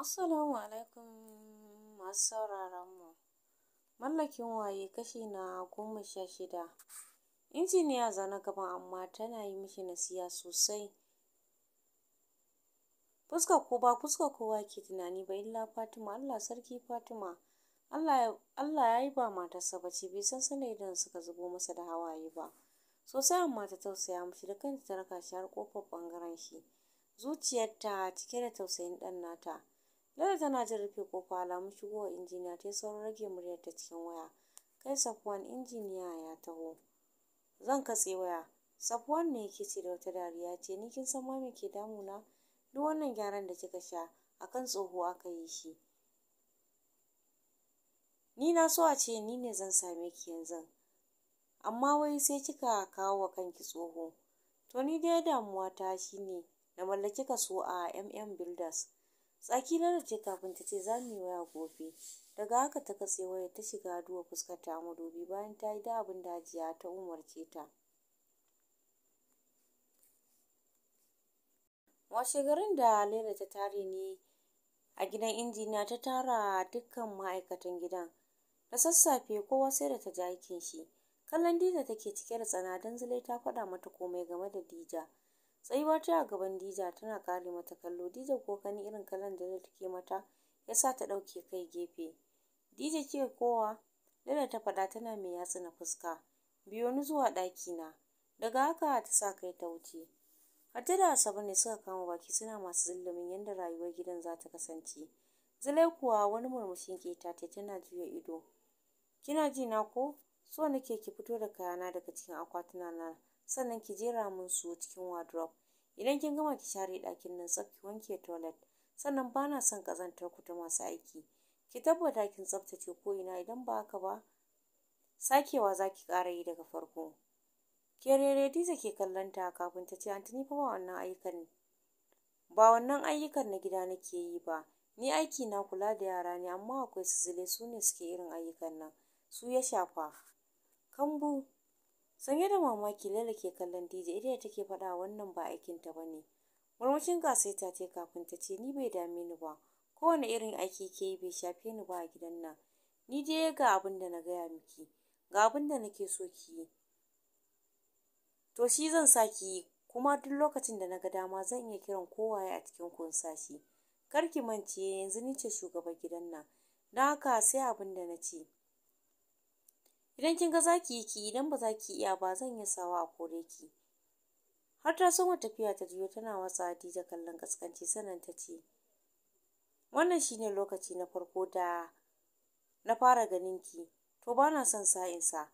Assalamu alaikum masu sauraron mu. Mallakin waye kashi na goma sha shida. Injiniya zana gaba amma tana yi mishi nasiya sosai. Fuska ko ba fuska kowa ke tunani ba illa Fatima Allah sarki Fatima. Allah ya yi ba matarsa ba bai san sanar idan suka zubo masa da hawaye ba. Sosai amma ta tausaya mishi da kanta ta raka shi har kofar bangaren shi. Zuciyarta cike da tausayin ɗan nata. Lada tana jin rufe ƙofa alamun shigowa injiniya ta yi saurin rage muryar ta cikin waya. Kai Safwan injiniya ya taho. Zan katse waya. Safwan ne yake ce da wata dariya ce ni kin san ma me ke damuna? Duk wannan gyaran da kika sha akan tsoho aka yi shi. Ni na so a ce ni ne zan same ki yanzu. Amma wai sai kika kawo wa kanki tsoho. To ni dai damuwa ta shi ne na mallaki kaso a MM Builders. Tsaki na ce kafin ta ce za mu yi waya gobe. Daga haka ta katse wayar ta shiga duwa fuskar ta madubi bayan ta yi da abin dajiya ta umarce ta. Washe garin da Laila ta tare ne a gidan injiniya ta tara dukkan ma'aikatan gidan. Da sassafe kowa sai da ta ji shi. Kallon Dija take cike da tsana don Zulai ta faɗa mata komai game da Dija. Tsayuwar ta a gaban Dija tana kare mata kallo. Dija ko gani irin kallon da Laila take mata ya sa ta ɗauke kai gefe. Dija ke kowa? Laila ta faɗa tana mai yatsa na fuska. Biyo ni zuwa na Daga haka ta sa kai ta wuce. Hatta da asabar ne suka kama baki suna masu zillumin yadda rayuwar gidan za ta kasance. Zulai kuwa wani murmushin keta ta tana juya ido. Kina ji na ko? So nake ki fito da kayana daga cikin akwatuna na. sannan ki jera mun su cikin wardrobe idan kin gama ki share ɗakin nan tsaf ki wanke toilet sannan ba na son ƙazantar ku ta masu aiki ki tabbata kin tsaftace ko ina idan ba haka ba sakewa za ki ƙara yi daga farko Kerere diza ke kallon ta kafin ta ce antini fa ba wannan ayyukan ne. ba wannan ayyukan na gida nake yi ba ni aiki na kula da yara ne amma akwai su su ne suke irin ayyukan nan su ya shafa kambu Sanye da mamaki Laila ke kallon DJ idan take faɗa wannan ba aikinta ba ne. Murmushin ta ce kafin ta ce ni bai dame ni ba. Kowane irin aiki ke yi bai shafe ni ba a gidan nan. Ni dai ga abin da na gaya miki, ga abin da nake so ki yi. To shi zan sa ki yi kuma duk lokacin da na ga dama zan iya kiran kowaye a cikin kun sashi. Kar ki mance yanzu ni ce shugaban gidan nan. Na haka sai abin da na ce. idan kin ga zaki yi ki idan ba za ki iya ba zan iya sawa a kore ki har ta soma tafiya ta juyo tana watsa Hadiza kallon kaskanci sannan ta ce wannan shine lokaci na farko da na fara ganin ki to ba na son sa'in sa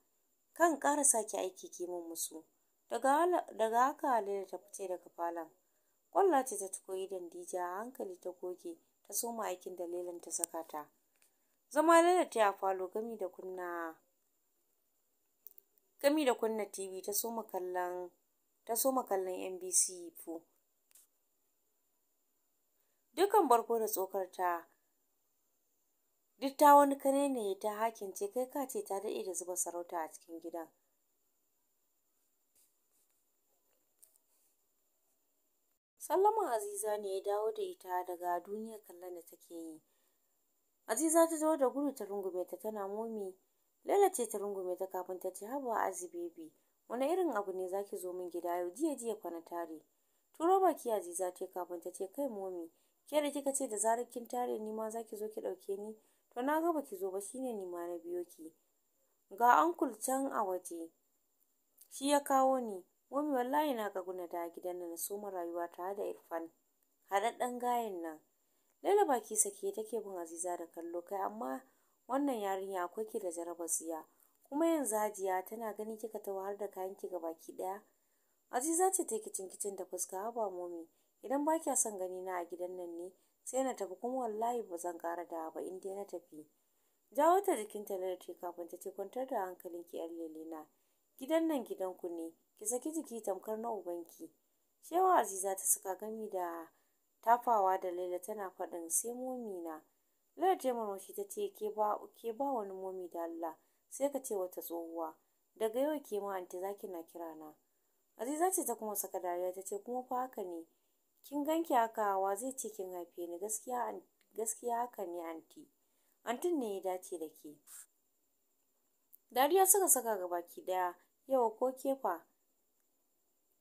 kan ƙara sake aiki ki min musu daga haka Halila ta fice daga falon kwalla ce ta tuko idan Dija a hankali ta goge ta soma aikin dalilin ta saka ta zama lalata ya a falo gami da kunna gami da kunna TV ta soma kallon ta soma kallon NBC Dukan barko da tsokar ta duk ta wani kare ne ta hakin ce kai ka ce ta daɗe da zuba sarauta a cikin gidan. Sallama Aziza ne ya dawo da ita daga duniyar kallon da take yi. Aziza ta zo da gudu ta rungume ta tana momi Laila ce ta rungume ta kafin ta ce haba a azibebi wani irin abu ne zaki zo min gida yau jiya jiya kwana tare. Turo baki Aziza ce kafin ta ce kai momi ke da kika ce da zarar kin tare ni ma zaki zo ki ɗauke ni to na ga baki zo ba shine ni ma na biyo ki. Ga ankul can a waje shi ya kawo ni momi wallahi na ga guna da gidan na so mu rayuwa tare da Irfan haɗaɗɗen gayen nan. Laila baki sake take bin Aziza da kallo kai amma wannan yarinya akwai ki da jarabar siya kuma yanzu hajiya tana ganin kika ta har da kayan ki baki daya aziza ce ta kicin kicin da fuska haba momi idan ba kya son gani na a gidan nan ne sai na tafi kuma wallahi ba zan kara da ba in dai na tafi jawo ta jikinta na ce kafin ta ce kwantar da hankalin ki yar lelena gidan nan gidan ku ne ki saki jiki tamkar na ubanki shewa aziza ta saka gami da tafawa da laila tana faɗin sai momi na Lara ta murmushi ta ce ke ba ke ba wani momi da Allah sai ka ce wata tsohuwa daga yau ke ma anti zaki na kira na. Aziza ce ta kuma saka dariya ta ce kuma fa haka ne kin ganki haka wa zai ce kin haife ni gaskiya haka ne anti. Antin ne ya dace da ke. Dariya suka saka ga baki daya yawa ko kefa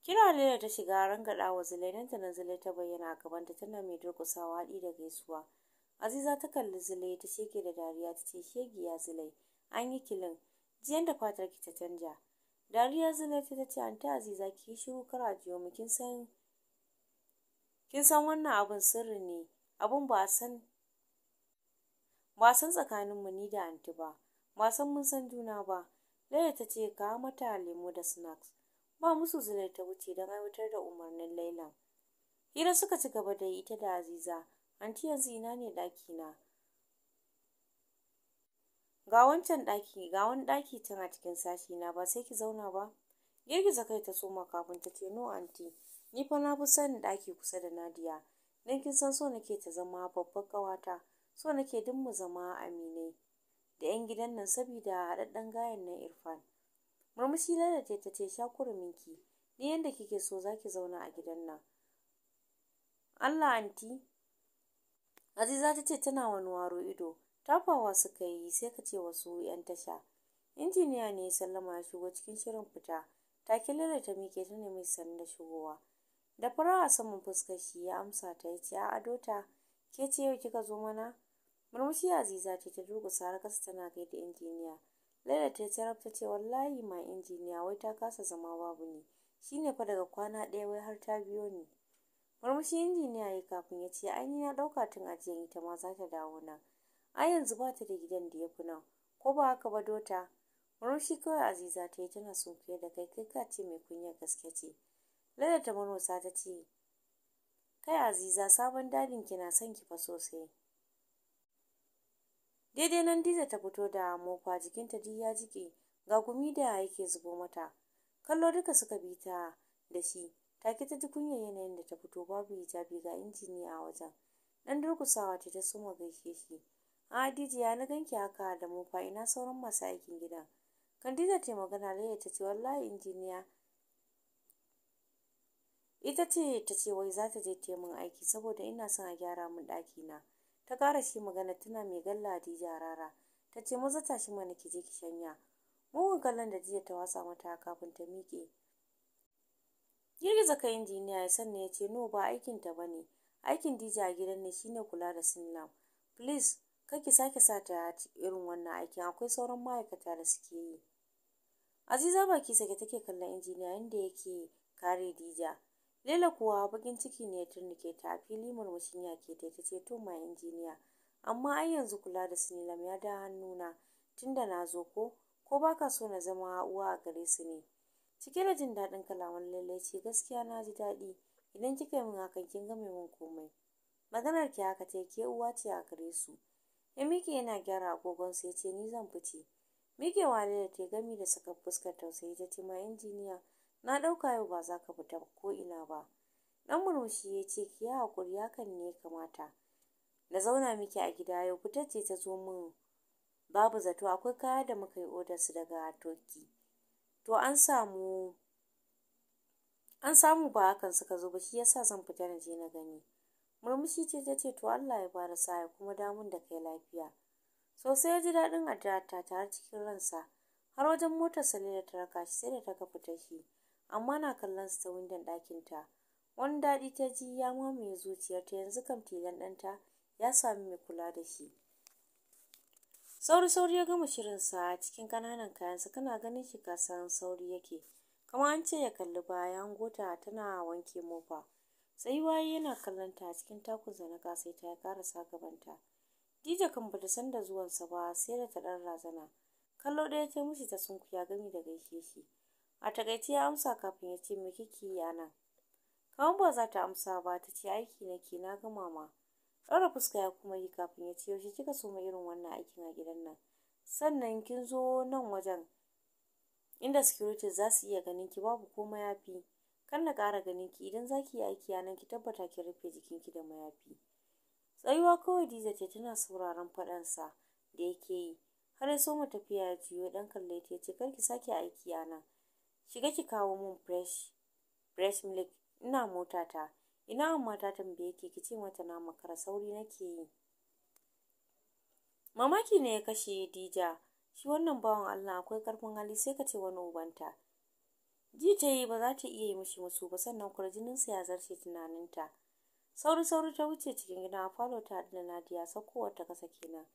Kira Laila ta shiga rangada wa Zulai na ta Zulai ta bayyana a gabanta tana mai durkusawa haɗi da gaisuwa. Aziza ta kalli Zulai ta sheke da dariya ta ce shegiya Zulai an yi kilin jiyan da fatar ki ta canja. Dariya Zulai ta ce an ta Aziza ki yi shiru kara jiyo mu kin san wannan abin sirri ne abun ba san ba san tsakanin mu ni da anti ba ba san mun san juna ba. Laila ta ce ka mata lemo da snacks ba musu Zulai ta wuce don aiwatar da umarnin Laila. Hira suka ci gaba da ita da Aziza Anti yanzu ina ne na Ga wancan ɗaki, ga wani ɗaki tana cikin sashi na ba sai ki zauna ba. Girgiza kai ta soma kafin ta ce no anti, ni fa na fi sanin ɗaki kusa da nadia Dan kin san so nake ta zama babbar ƙawata, so nake duk mu zama aminai da 'yan gidan nan saboda haɗaɗɗen gayan nan Irfan. Murmushi lalace ta ce sha kuruminki, ni yanda kike so zaki zauna a gidan nan. Allah anti, Aziza ta ce tana wani waro ido, tafawa suka yi sai ka ce wasu 'yan tasha. Injiniya ne sallama ya shigo cikin shirin fita, take Laila ta miƙe ta nemi sanin da shigowa. Da a saman fuskar shi ya amsa ta ya ce a'a dota ke ce yau kika zo mana? Murmushi Aziza ce ta duba har kasa tana da injiniya. Laila ta taraf ta ce wallahi ma injiniya wai ta kasa zama babu ne. Shi ne fa daga kwana ɗaya wai har ta biyo ni. murmushi injiniya ya kafin ya ce ai ni na ɗauka tun ajiyan ita ma za ta dawo nan ai yanzu ba ta da gidan da ya fi nan ko ba haka ba dota murmushi kawai aziza ta yi tana fiye da kai kai ka ce mai kunya gaske ce lada ta murmusa ta ce kai aziza sabon dadin ki na son ki fa sosai daidai nan diza ta fito da mofa jikinta duk ya jike ga gumi da yake zubo mata kallo duka suka bi ta da shi ta ki ta ji kunyar yanayin da ta fito babu hijabi ga injiniya a wajen. Dan durkusawa ta ta soma gaishe shi. A Hadijiya na ganki haka da mu fa ina sauran masu aikin gidan. Khadija ta magana Layya ta ce wallahi injiniya ita ce ta ce wai za ta je ta min aiki saboda ina son a gyara min ɗaki na. Ta ƙara shi magana tana mai galla Hadiza rara. Ta ce maza tashi mana ki je ki shanya. Mugun kallon da jiya ta wasa mata kafin ta miƙe. girgiza kai injiniya ya sanna ya ce no ba aikin ta bane aikin DJ a gidan ne shine kula da sinlam please kar ki sake sa ta irin wannan aikin akwai sauran ma'aikata da suke yi Aziza baki sake take kallon injiniya inda yake kare Dija Lela kuwa bakin ciki ne ya turnike ta a fili murmushin ke ta ce to ma injiniya amma ai yanzu kula da sinlam ya da hannuna tunda na zo ko ko baka so na zama uwa a gare su ne cike da jin daɗin kalaman lallai ce gaskiya na ji daɗi idan kika yi min hakan kin game min komai maganar ki haka ta ke uwa ce a gare su ya miki yana gyara agogon sai ce ni zan fice mike wale da ta gami da saka fuskar tausayi ta ce ma injiniya na ɗauka yau ba za ka fita ko ina ba dan murmushi ya ce ki yi hakuri hakan ne ya kamata na zauna miki a gida yau fitacce ta zo min babu zato akwai kaya da muka yi odarsu daga toki to an samu an samu ba hakan suka zo ba shi yasa zan fita na je na gani murmushi ce ta ce to Allah ya bada sa'a kuma damun da kai lafiya sosai ya ji daɗin ta tare cikin ransa har wajen motar salila ta raka shi sai da ta ga fita shi amma na kallon su ta windon ɗakin ta wani daɗi ta ji ya mamaye zuciyarta yanzu kam tilan ɗanta ya sami mai kula da shi sauri sauri ya gama shirinsa cikin ƙananan kayansa kana ganin shi kasan sauri yake kamar an ce ya kalli baya gota tana wanke mofa waye yana kallon ta cikin takunsa na kasai ta ya karasa gabanta dija kan bata san da zuwansa ba sai da ta ɗan razana kallo ɗaya ta mishi ta sunkuya gami da gaishe shi a takaice ya amsa kafin ya ce me kike yi a nan kamar ba za ta amsa ba ta ce aiki nake na gama ma ɗaura fuska ya kuma yi kafin ya ce yaushe kika so ma irin wannan aikin a gidan nan sannan kin zo nan wajen inda security za su iya ganin ki babu ko mayafi kar na ƙara ganin ki idan za ki yi aiki a nan ki tabbata ki rufe jikin ki da mayafi tsayuwa kawai diza ce tana sauraron faɗansa da yake yi har ya so mu tafiya ya juyo ɗan kalle ta ce kar ki sake aiki a nan shiga ki kawo min fresh fresh milk ina motata ina amma ta tambaye ki ki ce mata na makara sauri nake yi mamaki ne ya kashe dija shi wannan bawan allah akwai karfin hali sai ka ce wani ubanta ji ta yi ba za ta iya yi mishi musu ba sannan sa ya zarce tunaninta sauri sauri ta wuce cikin gida falo ta da nadiya sauko ta kasa kenan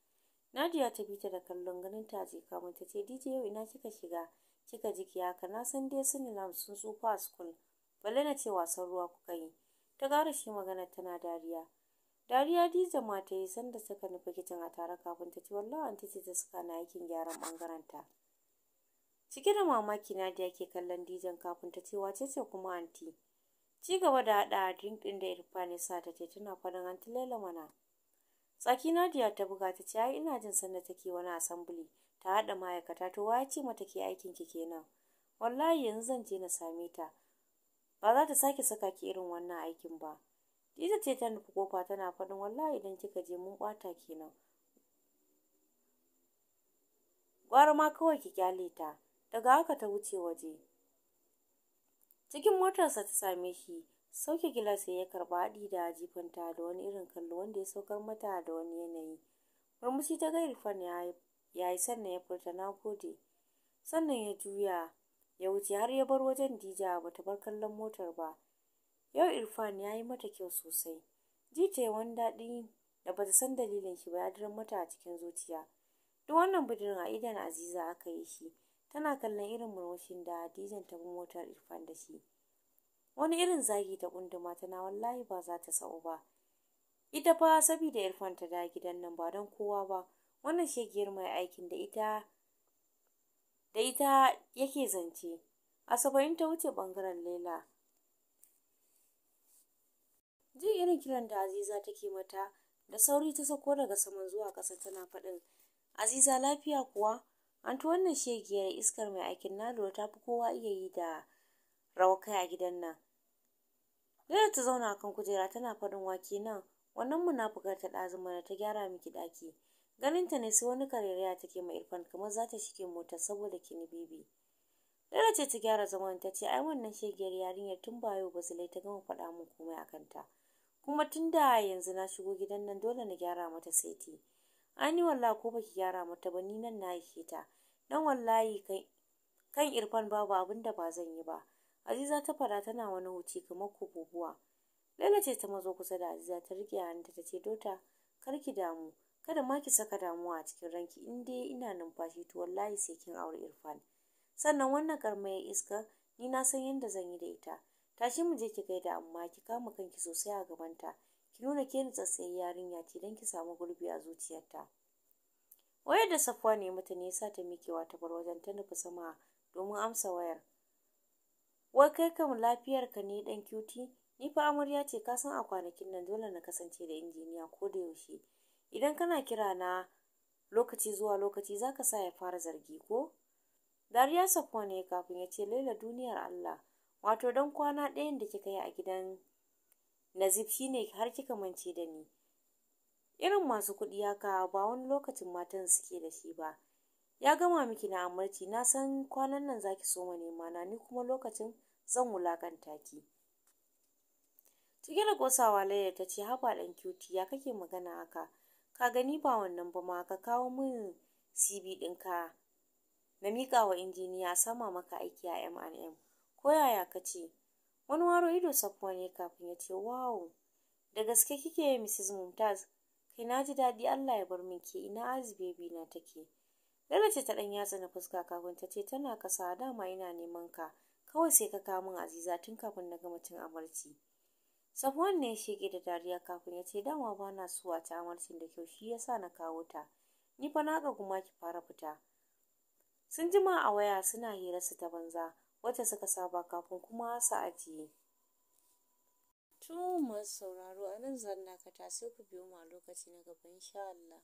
nadiya ta bi ta da kallon ganin ta je kamun ta ce dj yau ina kika shiga kika jiki haka na san dai sun sun tsufa a school balle na ce wasan ruwa kuka yi ta gara shi magana tana dariya dariya diza ma ta yi sanda suka nufi kicin a tare kafin ta ci wallahi an ce ta suka na aikin gyaran ɓangaren ta cike da mamaki da yake kallon dijan kafin ta ce wace ce kuma anti ci gaba da haɗa drink ɗin da Irfan ya sa ta ce tana faɗin anti Laila mana tsaki Nadiya ta buga ta ce ai ina jin sanda take wani assembly ta haɗa ma'aikata to ya ce mata ke aikin ki kenan wallahi yanzu zan je na same ta ba za ta sake saka ki irin wannan aikin ba ita ce ta nufi kofa tana faɗin wallahi idan kika je mun ɓata kenan gwara ma kawai ki kyale ta daga haka ta wuce waje cikin motarsa ta same shi sauke gilas ya karba haɗi da jifanta da wani irin kallo wanda ya saukar mata da wani yanayi murmushi ta ga irfan ya yi sannan ya furta na gode sannan ya juya ya wuce har ya bar wajen dija ba ta bar kallon motar ba yau irfan ya yi mata kyau sosai ji ta wani daɗi da ba ta san dalilin shi ba ya daren mata a cikin zuciya duk wannan bidiyon a idan aziza aka yi shi tana kallon irin murmushin da Dijan ta bi motar irfan da shi wani irin zagi ta gunduma tana wallahi ba za ta sau ba ita fa sabida irfan ta da gidan nan ba don kowa ba wannan shegiyar mai aikin da ita da ita yake zance asaba'in ta wuce bangaren Laila jin irin kiran da Aziza take mata da sauri ta sako daga saman zuwa ƙasa tana faɗin Aziza lafiya kuwa an ta wannan shegiyar iskar mai aikin na lura ta fi kowa iya yi da rawa kai a gidan nan Laila ta zauna a kan kujera tana faɗin wake nan wannan munafukar ta ɗazu mana ta gyara miki ɗaki ganinta ne sai wani karyarya take ma irfan kamar za ta shige mota saboda kini bibi dole ce ta gyara zaman ta ce ai wannan shegiyar yarinyar tun ba yau ba ta gama faɗa min komai a kanta kuma tun da yanzu na shigo gidan nan dole na gyara mata saiti an yi wallahi ko baki gyara mata ba ni nan na yi ta dan wallahi kai kan irfan babu abin da ba zan yi ba aziza ta fara tana wani huci kamar kububuwa laila ce ta mazo kusa da aziza ta rike hannunta ta ce dota kar ki damu kada ma ki saka damuwa a cikin ranki in dai ina numfashi to wallahi sai kin aure Irfan sannan wannan karmayar iska ni na san yadda zan yi da ita tashi mu je ki da amma ki kama kanki sosai a gabanta ki nuna ke ni yarinya ce don ki samu gurbi a zuciyarta wayar da safuwa ne mata ne sa ta mikewa ta bar wajen ta nufi sama domin amsa wayar wai kai kam lafiyar ka ne dan cuti ni fa amarya ce ka san a kwanakin nan dole na kasance da injiniya ko da yaushe idan kana kira na lokaci zuwa lokaci za ka sa ya fara zargi ko dariya safwa ne kafin ya ce laila duniyar allah wato don kwana ɗayan da kika yi a gidan nazif ne har kika mance da ni irin masu kuɗi haka ba wani lokacin matan suke da shi ba ya gama miki na amarci na san kwanan nan za ki so ma nema na ni kuma lokacin zan wulakanta ki cike da ƙosawa laila ta ce haba ɗan cuti ya kake magana haka ka gani ba wannan ba ma ka kawo min CV ɗinka na miƙa wa injiniya sama maka aiki a MNM. ko yaya ka ce wani waro ido safuwa ne kafin ya ce wow da gaske kike Mrs. Mumtaz kai na ji daɗi Allah ya bar min ke ina azi Bebi na take Lalla ce ta ɗan yatsa na fuska kafin ta ce tana kasa dama ina neman ka kawai sai ka kawo min Aziza tun kafin na gama cin amarci. Safuwan ne ya ke da dariya kafin ya ce dama ba na suwa a ci amarcin da kyau shi ya sa na kawo ta. Ni fa na ga kuma ki fara fita. Sun jima a waya suna hira su ta banza wacce suka saba kafin kuma su ajiye. To masu sauraro a nan zan dakata sai ku biyo mu a lokaci na gaba insha Allah.